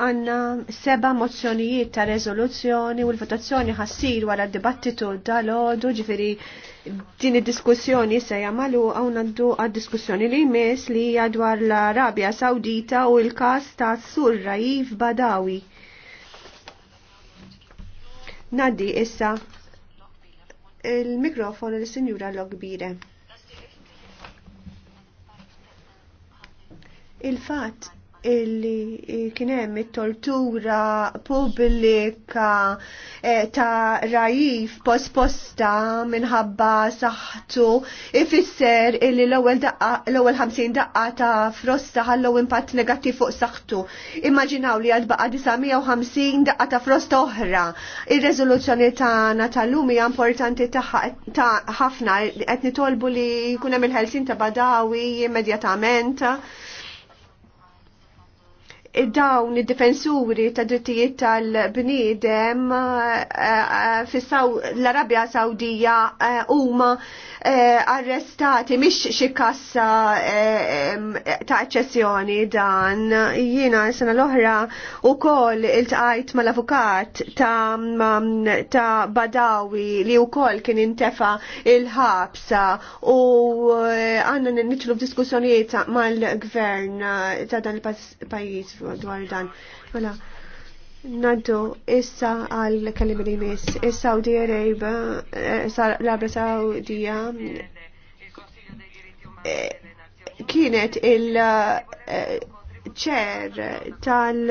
għanna seba mozzjonijiet ta' rezoluzzjoni u l-votazzjoni ħassir wara d-dibattitu dal-ħodu ġifiri din id-diskussjoni se jamalu għaw naddu għad-diskussjoni li jmiss li jadwar l arabia Saudita u l-kas ta' Sur Raif Badawi. Naddi issa il mikrofon l-Sinjura Logbire. Il-fat illi kienem it-tortura publika eh, ta' rajif posposta minħabba saħtu ifisser illi l-ewwel l-ewwel 50 daqqa ta' frosta ħallew impatt negattiv fuq saħtu. Immaginaw li għad baqa 950 daqqa ta' frosta oħra. Ir-reżoluzzjoni tagħna tal-lum hija importanti ta' ħafna qed nitolbu li jkun hemm il-ħelsin ta' badawi immedjatament dawn id-difensuri ta' drittijiet tal-bniedem eh, eh, fissaw l-Arabja Sawdija eh, huma arrestati mhix xi kassa ta' eċċessjoni dan. Jiena sena l-oħra ukoll iltqajt mal-avukat mm, ta' Badawi li wkoll kien intefa il-ħabsa u għandna nitlu f'diskussjonijiet mal-gvern ta' dan il-pajjiż dwar dan. Mela, Naddu, issa għal kellim li mis, issa Saudi Arabia, eh, sa u dija. Eh, kienet il eh, ċer tal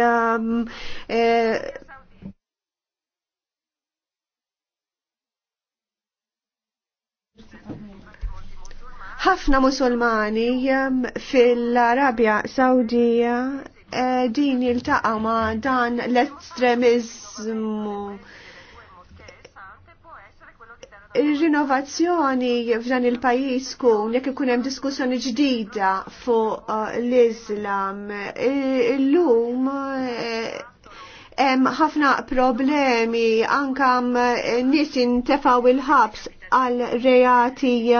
ħafna musulmani fil-Arabja Saudija din jiltaqa ma dan l-estremizmu il-rinnovazzjoni f'dan il-pajis kun jekk ikun hemm diskussjoni ġdida fuq uh, l-Islam illum ħafna problemi ankam eh, nisin tefa'w il-ħabs għal reati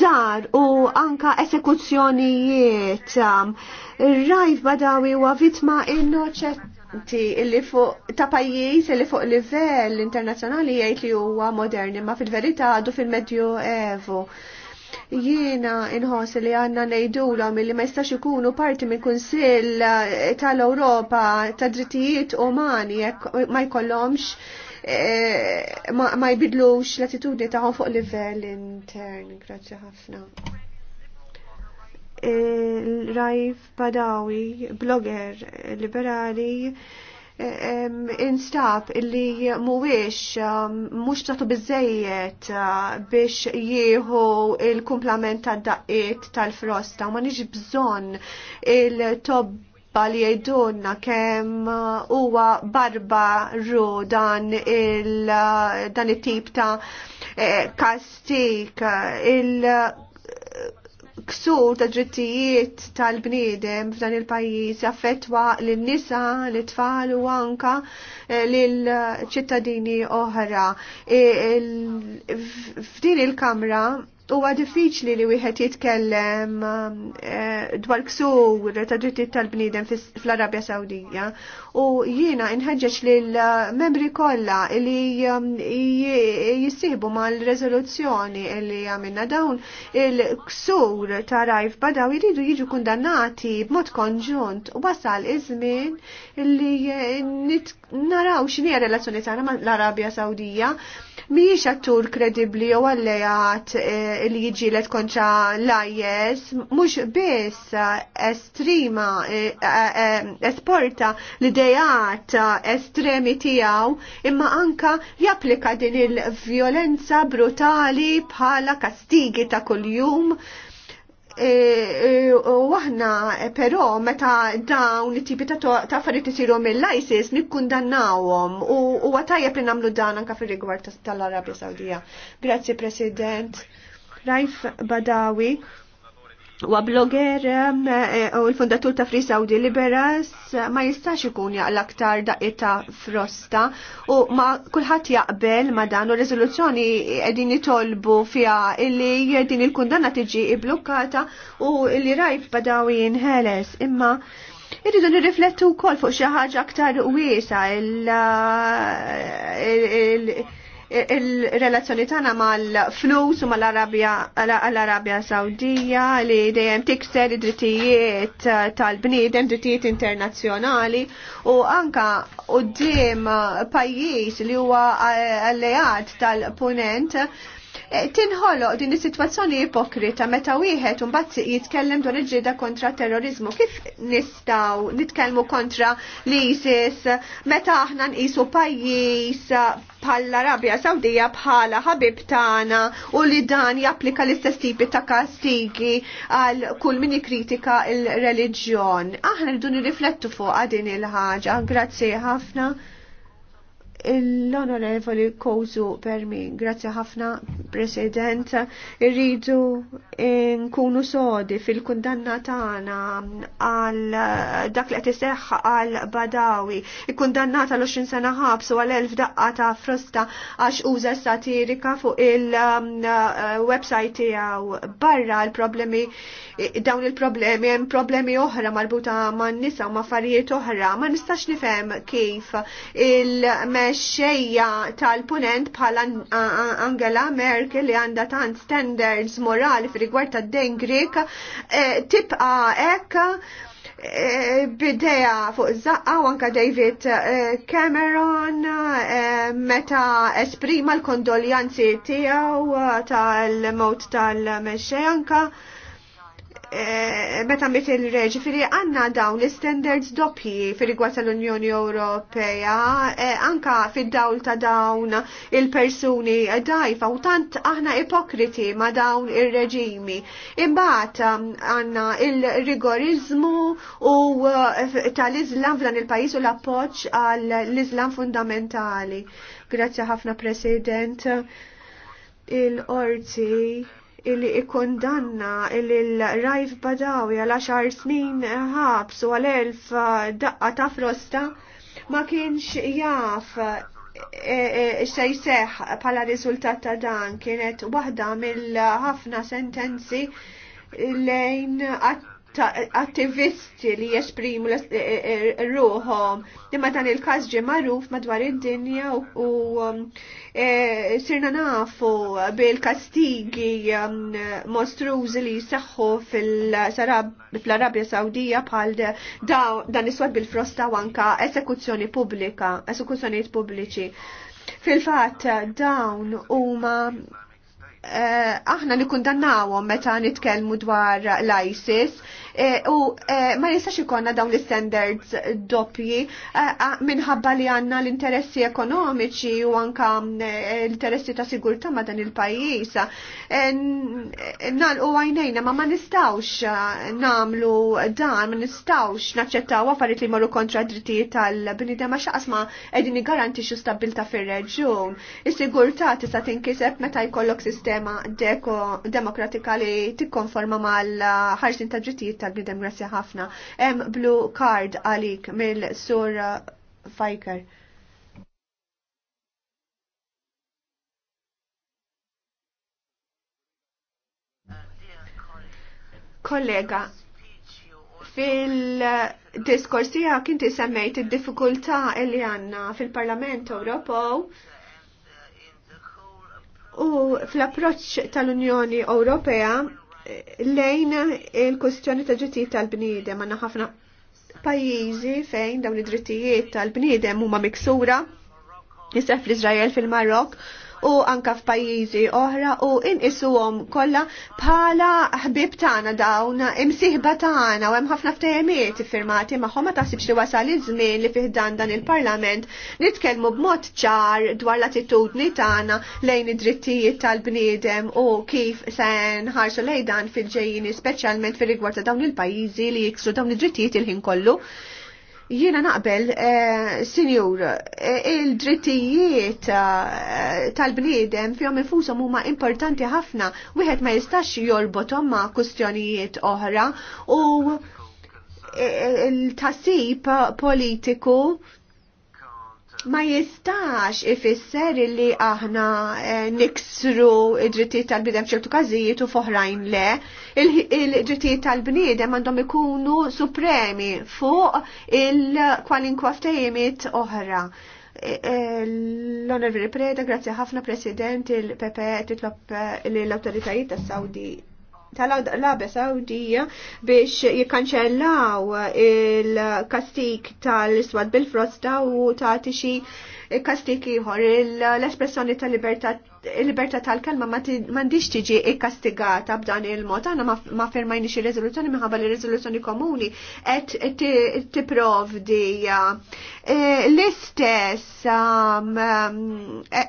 zar eh, u anka esekuzzjonijiet. Rajf Badawi huwa vittma innoċenti illi fuq ta' pajjiż illi fuq livell internazzjonali jgħid li huwa moderni ma fil-verità għadu fil-Medju evo jiena inħos li għanna nejdulhom li ma jistax ikunu parti minn kunsill tal-Ewropa ta' drittijiet umani ma jkollhomx e, ma, jbidlux l-attitudni ta' fuq livell intern. Grazie ħafna. E, Rajf Badawi, blogger liberali, instab li muwix mux tatu bizzejiet eh, biex jieħu il-kumplament ta' daqqiet tal-frosta ma nix bżon il-tobba li jgħidunna kem huwa barba ru dan il tip ta' eh, kastik il ksur ta' drittijiet tal-bniedem f'dan il-pajjiż affettwa lin-nisa, l-tfal u anka eh, lil ċittadini oħra. E, f'din il-Kamra huwa diffiċli li wieħed jitkellem eh, dwar ksur ta' drittijiet tal-bniedem fl-Arabja Sawdija u jiena inħeġġeġ lil eh, membri kollha li mm, jissieħbu mal-reżoluzzjoni li għamilna dawn il-ksur ta' Rajf Badaw jridu jiġu kundannati b'mod konġunt u wasal iż-żmien li eh, naraw x'inhi relazzjoni tagħna mal-Arabja Sawdija mhijiex attur kredibbli jew allejat li jiġilet kontra l-IS mux biss eh, estrema eh, eh, esporta l-idejat estremi tijaw imma anka japplika din il-violenza brutali bħala kastigi ta' kuljum waħna però meta dawn it-tipi ta' affarijiet isiru mill-ISIS nikkundannawhom u huwa tajjeb li nagħmlu dan anka fir-rigward tal-Arabja Sawdija. Grazzi President. Raif Badawi um, eh, u blogger u l-fundatur ta' Free Saudi Liberas ma jistax ikun jaqla aktar ita frosta u ma kulħadd jaqbel ma dan u rezoluzzjoni qegħdin jitolbu fiha illi din il-kundanna tiġi iblukkata u li rajf badawi jinħeles imma Irridu nirriflettu wkoll fuq xi ħaġa aktar wiesa il eh, il-relazzjoni tagħna mal-flus u mal-Arabja Sawdija li dejjem tikser id-drittijiet tal-bniedem, drittijiet internazzjonali u anka qudiem pajjiż li huwa alleat tal-punent tinħoloq din is-sitwazzjoni ipokrita meta wieħed imbagħad jitkellem dwar il ġieda kontra terrorizmu. Kif nistgħu nitkellmu kontra l-ISIS meta aħna nqisu pajjiż bħala Arabja Sawdija bħala ħabib tagħna u li dan japplika l-istess tipi ta' kastigi għal kull min kritika il-reliġjon. Aħna rridu nirriflettu fuq din il-ħaġa. Grazzi ħafna l-onorevoli per Permi, grazzi ħafna, President, irridu nkunu sodi fil-kundanna tagħna għal dak li għatiseħ għal Badawi, ikkundannata l 20 sena ħabsu għal elf daqqa ta' frosta għax uża satirika fuq il-website um, uh, tiegħu barra l-problemi dawn il-problemi hemm problemi oħra marbuta man-nisa u ma' affarijiet oħra, ma nistax nifhem kif il-met X-xejja tal-punent bħala Angela Merkel li għandha tant standards morali f'rigward d dejn Grek eh, tibqa' hekk eh, bideja fuq zaqqa u anka David eh, Cameron meta esprima l-kondoljanzi tiegħu tal mot tal-mexxej Eh, meta mit il-reġi firri għanna dawn l-standards doppji firri għas l-Unjoni Ewropea eh, anka fid-dawl ta' dawn il-persuni dajfa u tant aħna ipokriti ma' dawn il-reġimi. Imbat um, għanna il-rigorizmu u eh, tal-Islam flan il-pajis u l-appoċ għall-Islam fundamentali. Grazie ħafna President. Il-orti illi ikkondanna l rajf badaw għal xar snin ħabs u għal elf uh, daqqa ta' frosta ma kienx jaf uh, e, e, se jseħ pala riżultat ta' dan kienet waħda mill-ħafna sentenzi lejn għat ta' attivisti li jesprimu eh, eh, eh, ruħom. Imma dan il-każ ġie magħruf madwar id-dinja u um, sirna nafu bil-kastigi um, mostrużi li jseħħu fil-Arabja Sawdija bħal dan iswad bil-frosta wanka anka esekuzzjoni pubblika, esekuzzjoni pubbliċi. Fil-fatt dawn huma aħna nikundannawhom meta nitkellmu dwar l-ISIS Eh, u eh, ma jistax ikonna dawn l-standards doppji eh, minħabba li għanna l-interessi ekonomiċi u anka l-interessi ta' sigurta ma dan il-pajis. Nalqu għajnejna ma ma nistawx namlu dan, ma nistawx naċċettaw għaffariet li marru kontra drittijiet tal-bnidem ma xaqas ma edin garantixu stabilta fil-reġun. Is-sigurta tista' tinkiseb meta jkollok sistema demokratika li tikkonforma mal ħarġin ta' drittijiet tal-bidem, grazzi ħafna. Em blue card għalik mill-sur uh, Fajker. Kollega, fil-diskors kinti inti semmejt il-difikulta li għanna fil-Parlament Ewropew u fl-approċ tal-Unjoni Ewropea lejn il-kustjoni ta' ġittijiet tal-bniedem għandna ħafna pajjiżi fejn dawn id-drittijiet tal-bniedem huma miksura jisef fl-Izrael fil-Marok u anka f'pajjiżi oħra u inqisuhom kollha bħala ħbib tagħna dawn imsieħba tagħna u hemm ħafna ftehimiet iffirmati magħhom ma taħsibx li wasal iż-żmien li fih dan dan il-Parlament nitkellmu b'mod ċar dwar l-attitudni tagħna lejn id-drittijiet tal-bniedem u kif se nħarsu lejn dan fil-ġejjini speċjalment fir-rigward ta' dawn il-pajjiżi li jiksu dawn id-drittijiet il-ħin kollu. Jiena naqbel, senjur eh, sinjur, eh, il-drittijiet eh, tal-bniedem fjom infusom huma importanti ħafna, wieħed ma jistax jorbotom ma' kustjonijiet oħra u il-tasib politiku ma jistax ifisser li aħna eh, niksru id-drittijiet tal-bnidem ċertu każijiet u foħrajn le. Il-drittijiet tal-bnidem għandhom ikunu supremi fuq il-kwalinkwa ftejimiet oħra. Eh, eh, L-Onorevoli Preda, grazie ħafna President, il-PP titlop l-autoritajiet tas-Saudi tal-Arabia Sawdija biex jikkanċellaw il-kastik tal-iswad bil-frosta u ta' tixi kastik ieħor l-espressjoni tal-libertà tal-kelma m'għandix tiġi ikkastigata b'dan il-mod. għana ma firmajni xi riżoluzzjoni minħabba li riżoluzzjoni komuni qed tipprovdi e, l-istess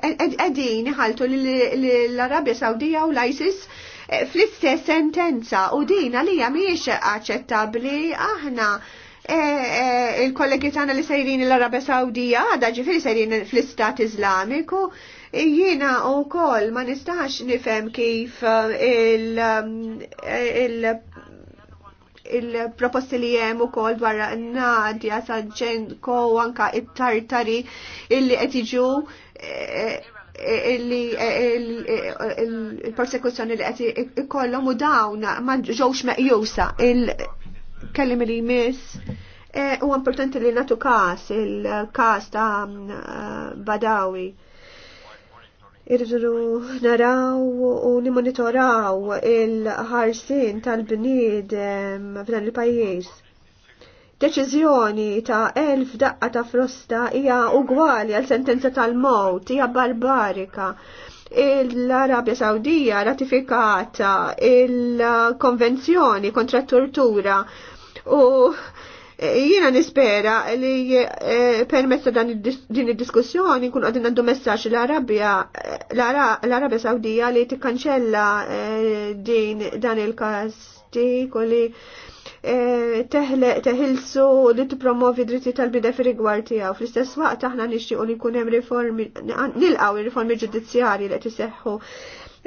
qegħdin e, e, iħaltu l-Arabja Sawdija u l-ISIS Eh, fl-istess sentenza u din għalija miex aċċettabli aħna eh, eh, il-kollegi tagħna li sejrin l-Arabja Sawdija għadha ġifieri sejrin fl-Istat Iżlamiku jiena u koll ma nistax nifhem kif il, il proposti li jem u kol n Nadja Sanċenko u anka it-tartari illi qed iġu il-persekuzzjoni eh, eh, li qed ikollhom u dawn ma ġewx meqjusa il-kellim li jmiss. Eh, u importanti li natu kas, il-kas ta' Badawi irridu naraw u nimonitoraw il-ħarsin tal-bniedem f'dan il-pajjiż. Deċiżjoni ta' elf daqqa ta' frosta hija ugwali għal sentenza tal-mowt, hija barbarika l-Arabja Sawdija ratifikata il-konvenzjoni kontra tortura u jiena nispera li eh, permessa din id-diskussjoni kun għadin għandu messaċ l-Arabja Sawdija li tikkanċella eh, din dan il kasti kolli. Eh, teħilsu li tippromovi dritti tal-bida fi rigward tiegħu. Fl-istess waqt aħna nixtiequ li jkun hemm riformi nilqaw ir-riformi ġudizzjarji li qed iseħħu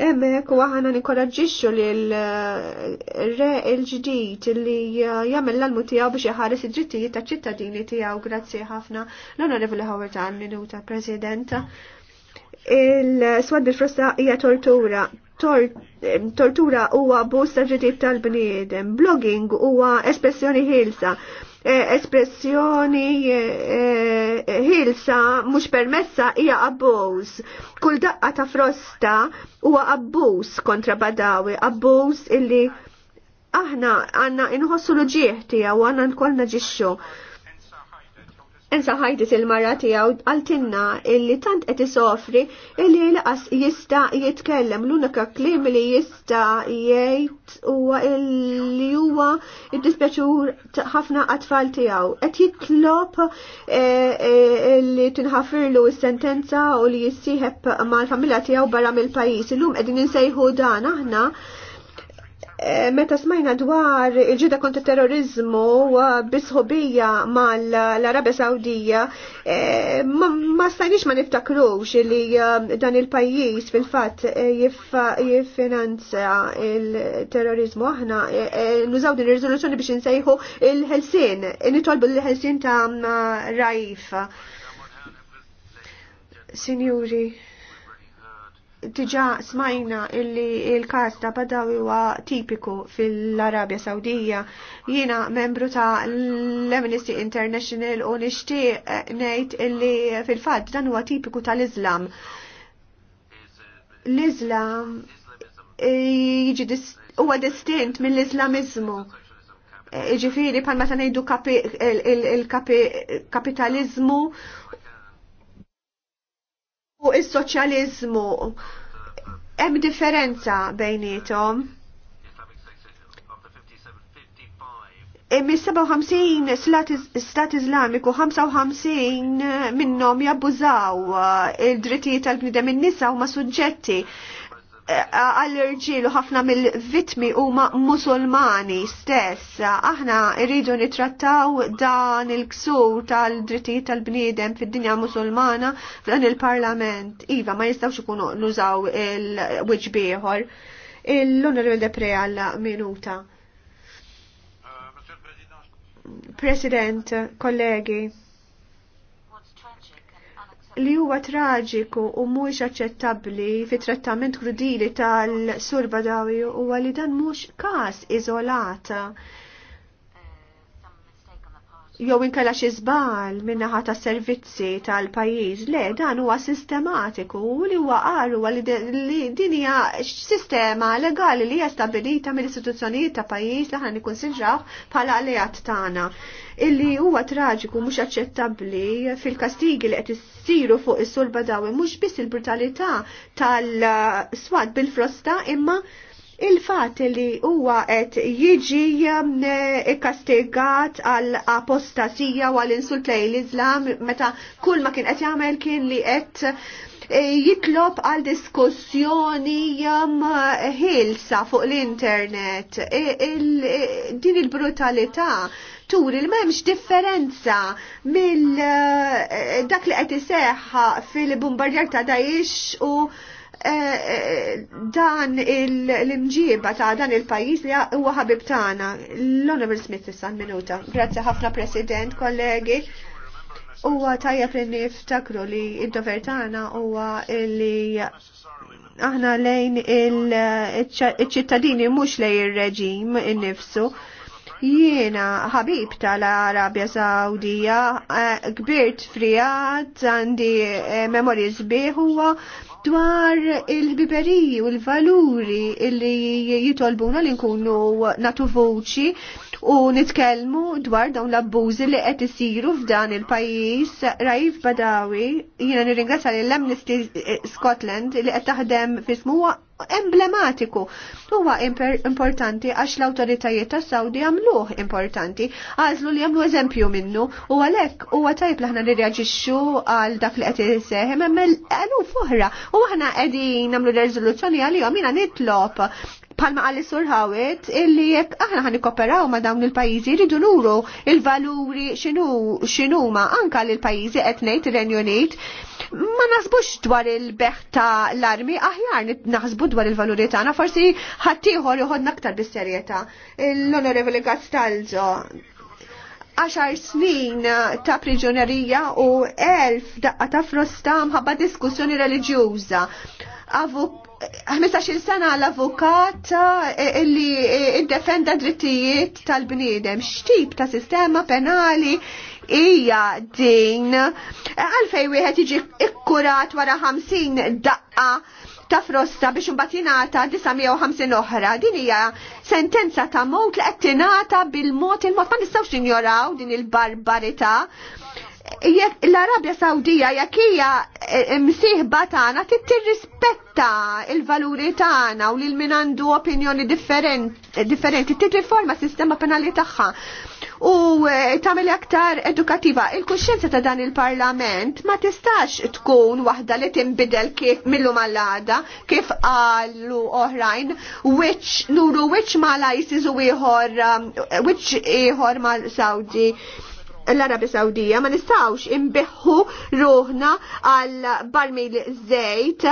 Emmek u aħna nikoraġġixxu li l-re il-ġdijt li jagħmel l-almu tiegħu biex jħares id-drittijiet ta' ċittadini tiegħu. Grazzi ħafna l-Onorevoli Howard għal minuta Presidenta. Il-swad bil-frosta hija tortura tortura huwa abbuż ta' ġitib tal-bniedem, blogging huwa espressjoni ħilsa, e, espressjoni e, e, ħilsa mhux permessa hija abbuż. Kull daqqa ta' frosta huwa abbuż kontra badawi, abbuż illi aħna għanna inħossu l-ġieħ tiegħu għandna nkollna ġixxu ħajdit il-mara tijaw għaltinna illi tant qed isofri illi l-qas jista jitkellem l-unika klim li jista jgħid huwa illi huwa id-dispjaċur ħafna għatfall tijaw. Qed jitlob eh, eh, illi tinħafirlu s-sentenza u li jissieħeb mal-familja tijaw barra mill-pajjiż. Illum qegħdin insejħu dan aħna Eh, meta smajna dwar il-ġida kontra terrorizmu eh, bisħobija mal-Arabja Sawdija, eh, ma stajniex ma niftakrux li dan il-pajjiż fil-fatt jiffinanza il-terrorizmu. Aħna nużaw din ir-riżoluzzjoni biex nsejħu il helsin nitolbu l helsin ta' Raif. Signori. Tiġa smajna illi il-kas ta' Badawi huwa tipiku fil-Arabja Sawdija. Jiena membru ta' l-Amnesty International u nixtieq ngħid illi fil-fatt dan huwa tipiku tal-Iżlam. L-Iżlam jiġi huwa distint mill-Iżlamiżmu. Ġifiri, bħalma ta' nejdu il-kapitalizmu u is-soċjaliżmu hemm differenza bejnietom. Mis-57 stat Islamiku 55 minnhom jabbużaw eh, il-drittijiet tal bnidem in-nisa huma suġġetti għall-irġilu ħafna mill-vitmi huma musulmani stess. Aħna rridu nitrattaw dan il-ksur tal-drittijiet tal-bniedem fid-dinja musulmana f'dan il-parlament. Iva, ma jistawx ikunu nużaw il-wiġbieħor. Il-Honorable Depre għalla minuta. Uh, President, kollegi li huwa traġiku u mhux aċċettabbli fi trattament krudili tal surba dawi huwa li dan mhux każ iżolata jew inkella xi żball min-naħa tas servizzi tal-pajjiż, le dan huwa sistematiku u li huwa qar huwa li din hija sistema legali li hija stabilita mill-istituzzjonijiet ta' pajjiż li aħna nikkunsidraw bħala alleat tagħna. Illi huwa traġiku mhux aċċettabbli fil-kastigi li qed issiru fuq is-sulba dawi mhux biss il-brutalità tal-swad bil-frosta imma Il-fat li huwa qed jiġi ikkastigat ehm, e, għal apostasija u għal insult lejn l-Islam meta kull ma kien qed jagħmel kien li qed e, jitlob għal diskussjoni jam ehm, ħilsa fuq l-internet. E, din il-brutalità tur il-memx differenza mill dak li qed iseħħa fil-bombardjar ta' Daesh u Eh, eh, dan l-imġiba ta' dan il-pajis li huwa ħabib tagħna. L-Honorable Smith issa minuta. Grazzi ħafna President, kollegi. Huwa tajjeb li niftakru li id-dover tagħna huwa li aħna lejn il-ċittadini mhux lejn ir-reġim innifsu. Jiena ħabib tal-Arabja Sawdija, eh, kbirt frijat, għandi memoriz sbieħ dwar il-biberi u l-valuri illi jitolbuna li nkunu natu voċi u nitkellmu dwar dawn l-abbużi li qed isiru f'dan il-pajjiż Raif Badawi jiena nirringrazzja lill Amnesty Scotland li qed taħdem smuwa emblematiku. Huwa importanti għax l-autoritajiet tas Sawdi għamluħ importanti, għażlu li għamlu eżempju minnu u għalhekk huwa għatajb li aħna għal dak li qed seħem hemm għalu oħra u aħna qegħdin nagħmlu riżoluzzjoni għalihom jiena nitlob palma għalli surħawet illi jek aħna ħan ikoperaw ma dawn il-pajizi ridu nuru il-valuri xinu ma anka l-pajizi etnejt il-Renjonit ma nasbux dwar il-beħ ta' l-armi aħjar naħsbu dwar il-valuri tagħna forsi ħaddieħor joħodna aktar bis L-Onorevoli Gastalzo għaxar snin ta' priġunerija u elf daqqa ta' frosta mħabba diskussjoni religjuża. il sena l-avukat eh, eh, illi eh, indefenda drittijiet tal-bniedem. Xtip ta' sistema penali hija din għalfej wieħed jiġi ikkurat wara 50 daqqa ta' frosta biex imbagħad jingħata 950 oħra. Din hija sentenza ta' mowt li qed tingħata bil-mod il-mod ma nistgħux ignoraw din il-barbarità. L-Arabja Sawdija jekk hija eh, msieħba tagħna tirrispetta il-valuri tagħna u lil min għandu opinjoni differenti tirriforma s sistema penali tagħha u e, tagħmel aktar edukativa. il kuxenza ta' dan il-Parlament ma tistax tkun waħda li tinbidel kif millu mal-għada, kif qalu oħrajn, which nuru which ma la jisizu ieħor um, which ieħor mal-Saudi l-Arabi Sawdija ma nistawx imbeħħu ruħna għal barmil zejt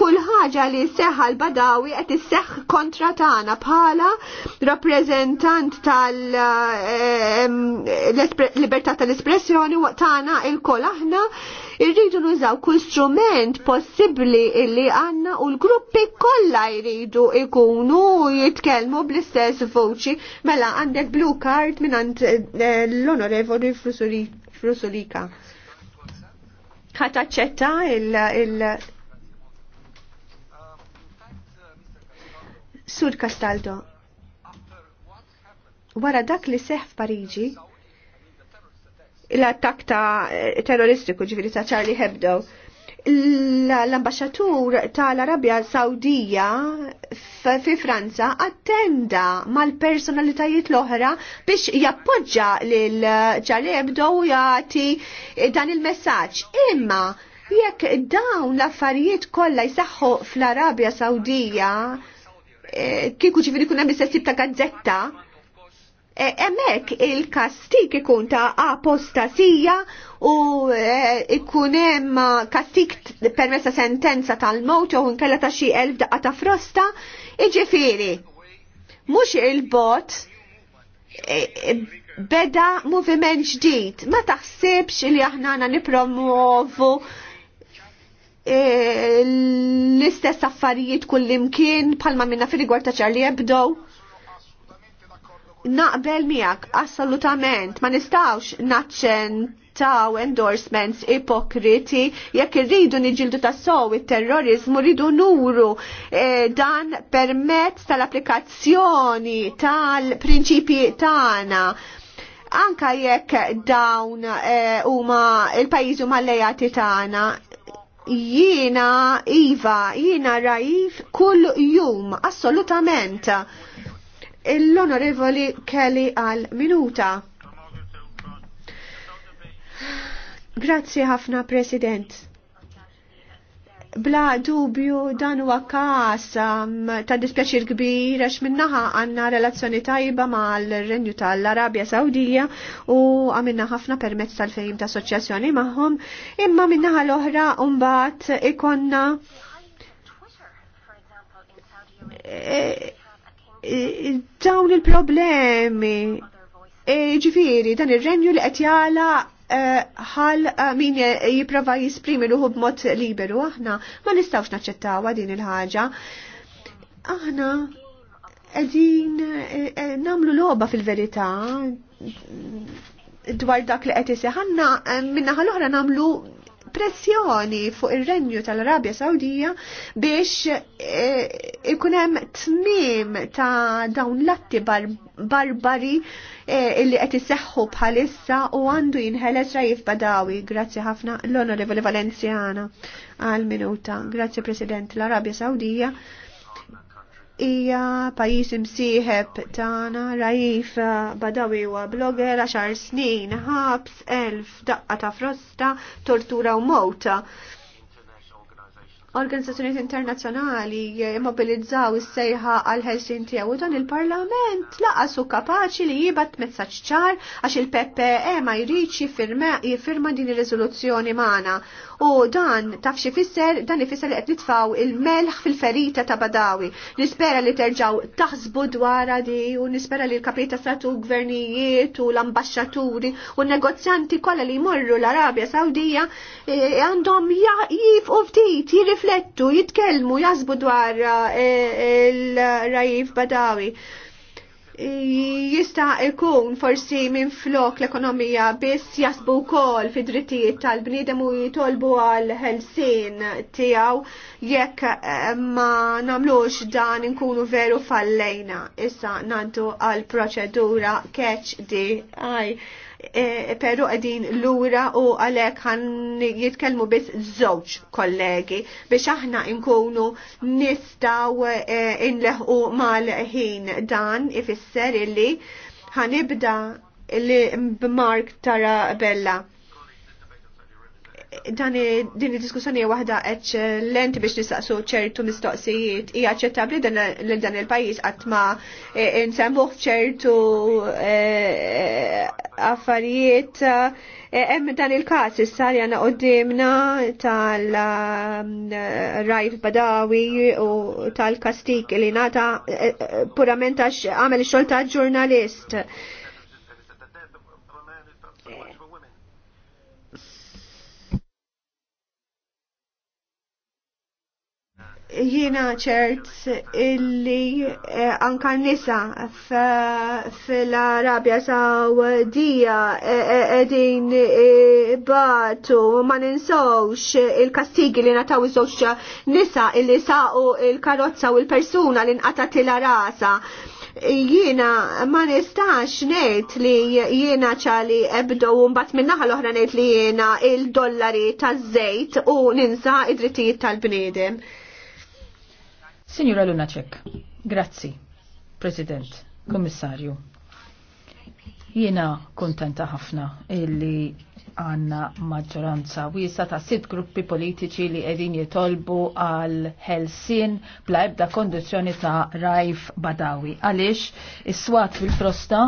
kull ħaġa li seħħa l-Badawi qed isseħħ kontra tagħna bħala rappreżentant tal-libertà eh, tal-espressjoni tagħna il-kol aħna irridu nużaw kull strument possibbli illi għanna u l-gruppi kollha jridu ikunu jitkellmu bl-istess voċi mela għandek blue card minn għand eh, l-onorevoli Frusolika. Għataċċetta il- Sur Castaldo, wara dak li seħ f'Pariġi, l-attak ta' terroristiku ġifiri ta' Charlie Hebdo. l ambasġatur ta' l-Arabja Sawdija fi Franza attenda mal-personalitajiet l-oħra biex jappoġġa lil Charlie Hebdo u jagħti dan il-messaġġ. Imma jekk dawn l-affarijiet kollha jsaħħu fl-Arabja Sawdija eh, kieku ġifiri kun hemm sessib ta' gazzetta E, emmek il-kastik ikun ta' apostasija u e, ikunem kastik permessa sentenza tal-mot u nkella ta' xi elf daqqa ta' frosta, iġifiri. Mux il-bot e, beda moviment ġdid. Ma taħsibx li aħnana nipromuovu l-istess affarijiet kullimkien palma minna fil-rigward ċarli ebdow naqbel miegħek assolutament ma nistgħux naċċentaw endorsements ipokriti jekk irridu niġildu tassow it-terrorizmu rridu nuru eh, dan permezz tal-applikazzjoni tal-prinċipji tagħna anka jekk dawn eh, huma eh, il-pajjiżi huma lejati tagħna jiena Iva, jiena Raif kull jum, assolutament l-onorevoli Kelly għal minuta. Grazzi ħafna, President. Bla dubju dan huwa każ um, ta' dispjaċir kbir għax minnaħa għandna relazzjoni tajba mal-Renju tal-Arabja Sawdija u għamilna ħafna permezz tal-fejm ta' assoċjazzjoni magħhom, imma minnaħa l-oħra mbagħad ikonna eh, dawn il-problemi. E, ġifiri, dan ir-renju li qed jala e, ħal e, min jiprofa jisprimi ruħu b'mod liberu, aħna ma nistawx naċċettawha din il-ħaġa. Aħna qegħdin namlu loba fil-verità dwar dak li qed iseħħanna minna ħal-oħra namlu pressjoni fuq ir-Renju tal-Arabja Sawdija biex eh, ikun hemm tmiem ta' dawn latti barbari eh, illi qed iseħħu bħalissa u għandu jinħeles rajf Badawi. Grazzi ħafna l-Onorevoli Valenzjana għal minuta. Grazzi President l-Arabja Sawdija hija pajjiż imsieħeb tagħna rajif Badawi huwa blogger għaxar snin ħabs elf daqqa ta' frosta, tortura u mowta. Organizzazzjonijiet internazzjonali immobilizzaw is-sejħa għal ħelsin tiegħu dan il-Parlament laqas hu kapaċi li jibgħat messaġġ ċar għax il-PPE ma jridx jiffirma din ir-riżoluzzjoni magħna U dan taf fisser, dan ifisser li qed nitfgħu il-melħ fil-ferita ta' Badawi. Nispera li terġgħu taħsbu dwara di u nispera li l-kapita satu gvernijiet u l-ambasċaturi u negozjanti kollha li jmorru l-Arabja Sawdija e, għandhom u ftit, jirriflettu, jitkellmu, jazbu dwar il-Rajif e, e, Badawi jista' ikun forsi minn flok l-ekonomija biss jasbu wkoll fi drittijiet tal-bniedem u jitolbu għal ħelsien tiegħu jekk eh, ma nagħmlux dan inkunu veru fallejna. Issa nantu għal proċedura catch di E, pero għedin l-ura u għalek għan jitkelmu bis żewġ kollegi biex aħna nkunu nistaw e, inleħu mal-ħin dan ifisser illi ibda li b'mark Tara Bella dan din id-diskussjoni waħda lent biex nistaqsu ċertu mistoqsijiet hija aċċettabbli lil dan il-pajjiż qatt ma e, nsemmuh f'ċertu e, affarijiet e, hemm dan il-każ issa li għandna qudiemna tal-Rajf um, Badawi u tal-Kastik li ngħata purament għax għamel xogħol ta' ġurnalist. jiena ċert illi eh, anka nisa fil-Arabja Sawdija eh, eh, edin batu ma ninsawx il-kastigi li nataw iż nisa illi saqu il-karozza u il-persuna li nqatat il rasa jiena ma nistax ngħid li jiena ċali ebdo un bat minnaħal oħra ngħid li jiena il-dollari taż-żejt u ninsa id-drittijiet tal-bnedem. Signora Lunacek, grazzi, President, Kommissarju. Jiena kontenta ħafna illi għanna maġġoranza wiesa ta' sitt gruppi politiċi li edin jitolbu għal Helsin bla ebda kondizjoni ta' Raif Badawi. Għalix, is-swat fil-frosta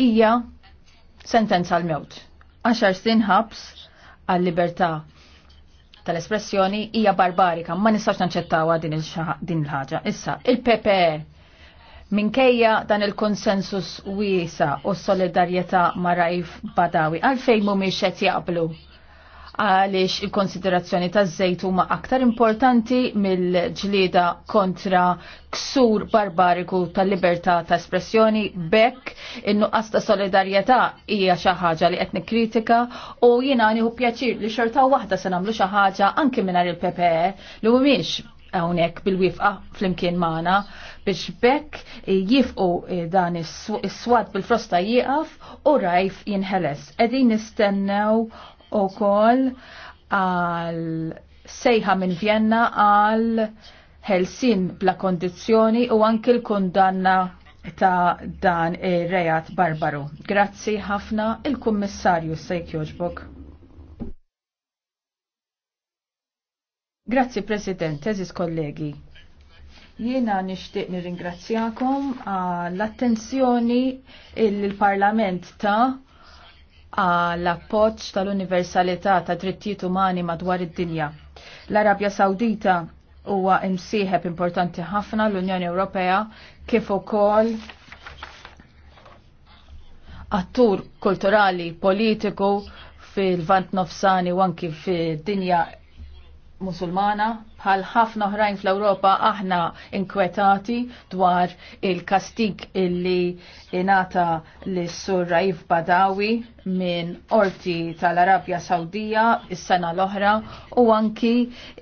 hija sentenza l mewt 10 sin ħabs għal-libertà tal-espressjoni hija barbarika, ma nistax naċċettawha din il-ħaġa. Issa, il-PPE minkejja dan il-konsensus wiesa u s solidarjetà ma' Raif Badawi, għalfejn mhumiex qed jaqblu għaliex il-konsiderazzjoni ta' żejt huma aktar importanti mill-ġlieda kontra ksur barbariku tal-libertà ta' espressjoni bekk in-nuqqas ta' solidarjetà hija xi ħaġa li qed nikkritika u jiena hu pjaċir li xorta waħda se nagħmlu xi ħaġa anke mingħajr il-PPE li mhumiex hawnhekk bil-wifqa flimkien magħna biex bekk jifqu dan is-swad bil-frosta jieqaf u rajf jinħeles. Qegħdin nistennew U wkoll għal sejħa minn Vienna għal Helsin bla kondizzjoni u anki l-kundanna ta' dan il rejat barbaru. Grazzi ħafna il-Kummissarju Sejk Joġbok. Grazzi President, eżis kollegi. Jiena nixtieq nirringrazzjakom għall-attenzjoni il-Parlament ta' għall appoġġ tal-universalità ta' drittijiet umani madwar id-dinja. L-Arabja Sawdita huwa imsieħeb importanti ħafna l-Unjoni Ewropea kif ukoll attur kulturali, politiku fil-vant nofsani u anki fil dinja Musulmana bħal ħafna oħrajn fl-Ewropa aħna inkwetati dwar il-kastik illi inata l-sur Raif Badawi minn orti tal-Arabja Sawdija is-sena l-oħra u anki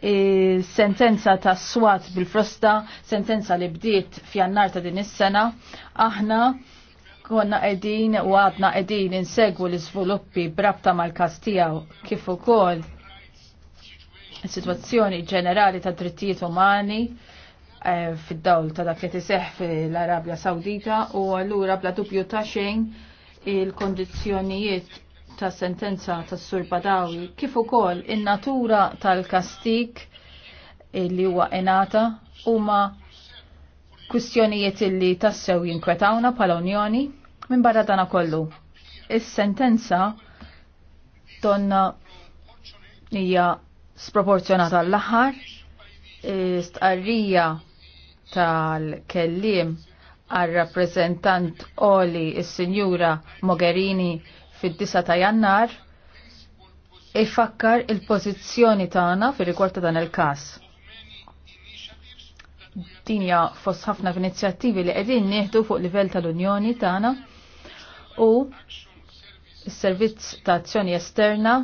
eh, sentenza ta' swat bil-frosta, sentenza li bdiet f'jannar ta' din is-sena, aħna konna qegħdin u għadna qegħdin insegwu l-iżviluppi brabta mal-kastijaw kif ukoll situazzjoni ġenerali ta' drittijiet umani eh, fid-dawl ta' dak li tiseħ fil-Arabja Sawdita u allura bla dubju ta' xejn il-kondizzjonijiet ta' sentenza ta' Sur Badawi kif ukoll in-natura tal-kastik li huwa enata huma kwistjonijiet li tassew jinkwetawna bħala Unjoni minn barra dana kollu. Is-sentenza donna hija sproporzjonata l-aħħar stqarrija tal-kellim għal rappresentant Oli il sinjura Mogherini fid-9 ta' Jannar ifakkar il-pożizzjoni tagħna fir-rigward ta' dan il-każ. Dinja fost ħafna f'inizjattivi li qegħdin nieħdu fuq livell tal-Unjoni tagħna u s-servizz ta' azzjoni esterna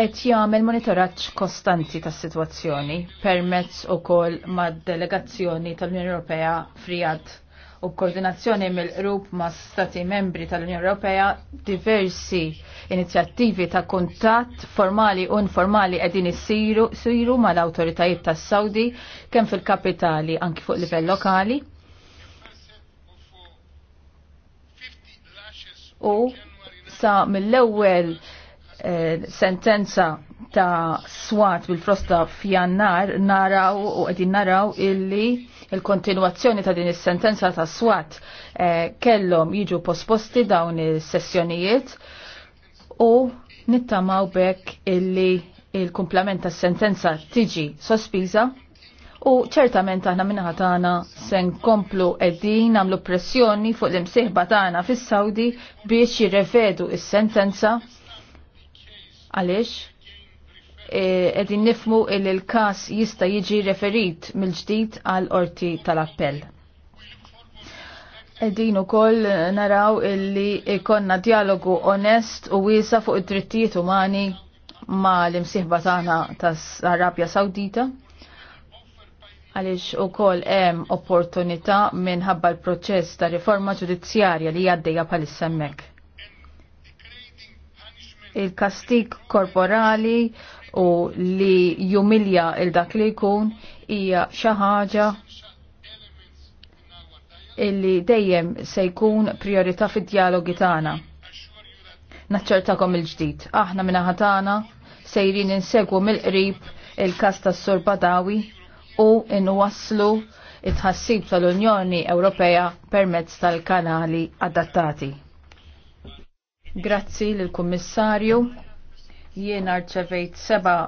qed jagħmel monitoraġġ kostanti tas-sitwazzjoni permezz ukoll mad-delegazzjoni tal-Unjoni Ewropea frijad u koordinazzjoni mill-qrub ma' stati membri tal-Unjoni Ewropea diversi inizjattivi ta' kuntatt formali u informali qegħdin issiru siru mal-awtoritajiet tas-Sawdi kemm fil-kapitali anki fuq livell lokali. U sa mill-ewwel Eh, sentenza ta' swat bil-frosta f'jannar naraw u għedin naraw illi il-kontinuazzjoni ta' din is-sentenza ta' swat eh, kellhom jiġu posposti dawn is-sessjonijiet u nittamaw bekk illi il kumplament ta' sentenza tiġi sospiża u ċertament aħna minnaħa tagħna se nkomplu qegħdin nagħmlu pressjoni fuq l-imsieħba tagħna fis-Sawdi biex jirrevedu is-sentenza Għaliex qegħdin nifmu il il-każ jista' jiġi referit mill-ġdid għal orti tal-appell. Qegħdin ukoll naraw illi ikonna dialogu onest u wiesa fuq id-drittijiet umani ma l-imsiħba tagħna tas-Arabja Sawdita għaliex ukoll hemm opportunità minħabba l-proċess ta' riforma ġudizzjarja li għaddejja bħalissa hemmhekk il-kastik korporali u li jumilja il-dak li jkun hija xi ħaġa illi dejjem se jkun priorità fid-dialogi tagħna. Naċċertakom il-ġdid. Aħna minn ħatana sejrin insegwu mill-qrib il-kas tas-Sur Badawi u inwasslu it-ħassib tal-Unjoni Ewropea permezz tal-kanali adattati. Grazzi lill kummissarju Jien arċevejt seba'